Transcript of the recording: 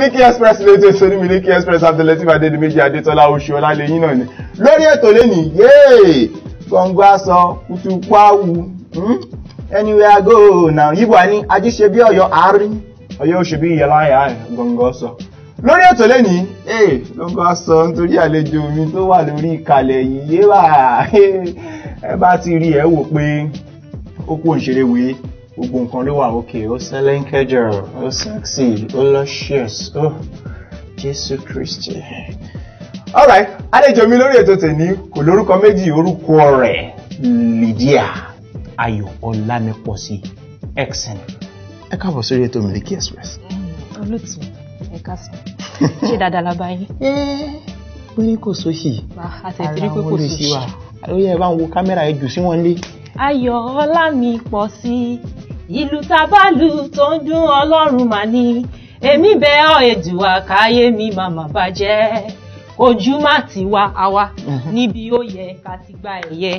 Miliki Express lè tẹ̀sọ́ ní Miliki Express Abdulatif Adédìméjì Adétọ́lá oṣù ọ̀làlẹ́yìn náà ni lórí ètò lẹ́nìí yéè gbọ̀ngbà sọ kùtùkù àwù hmm? anywhere go now yíbo àní ajíṣe bí ọ̀yọ́ àárín ọ̀yọ́ oṣù bí ìyẹláyà gbọ̀ngbà sọ. lórí ètò lẹ́nìí ee gbọ̀ngbà sọ nítorí àlejò mi tó wà lórí ìkàlẹ̀ yìí yé wà ẹ bá ti rí ẹ wò pé ó kú òǹṣeré wèé gbogbo nǹkan ló wà òkè ó sẹ́lẹ̀ńkẹ́ jọ̀rọ̀ ó sexy ó luscious ó jésù kristi. alright àlejò mi lórí ètò tèmi kò lórúkọ méjì orúkọ rẹ̀ lydia ayọ̀ ọlámípọ̀sí exen ẹ káàbọ̀ sórí ètò miliki express. Mm, olùtù ẹ kásán ṣé dáadáa la bá yín. ó ní kò sóṣì àtẹ̀tẹ̀rí pé kò sóṣì ó yẹ ẹ bá ń wo kámẹ́rà ẹ jù sí wọn lé. ayọ̀ ọlámípọ̀sí ìlú tábàlù tó ń dún ọlọ́run mà ní èmi bẹ̀ ọ́ èdùà káyé mi màmá bàjẹ́ ojú má ti wá àwa mm-hmm. níbi ó yẹ ká ti gba ẹ̀yẹ.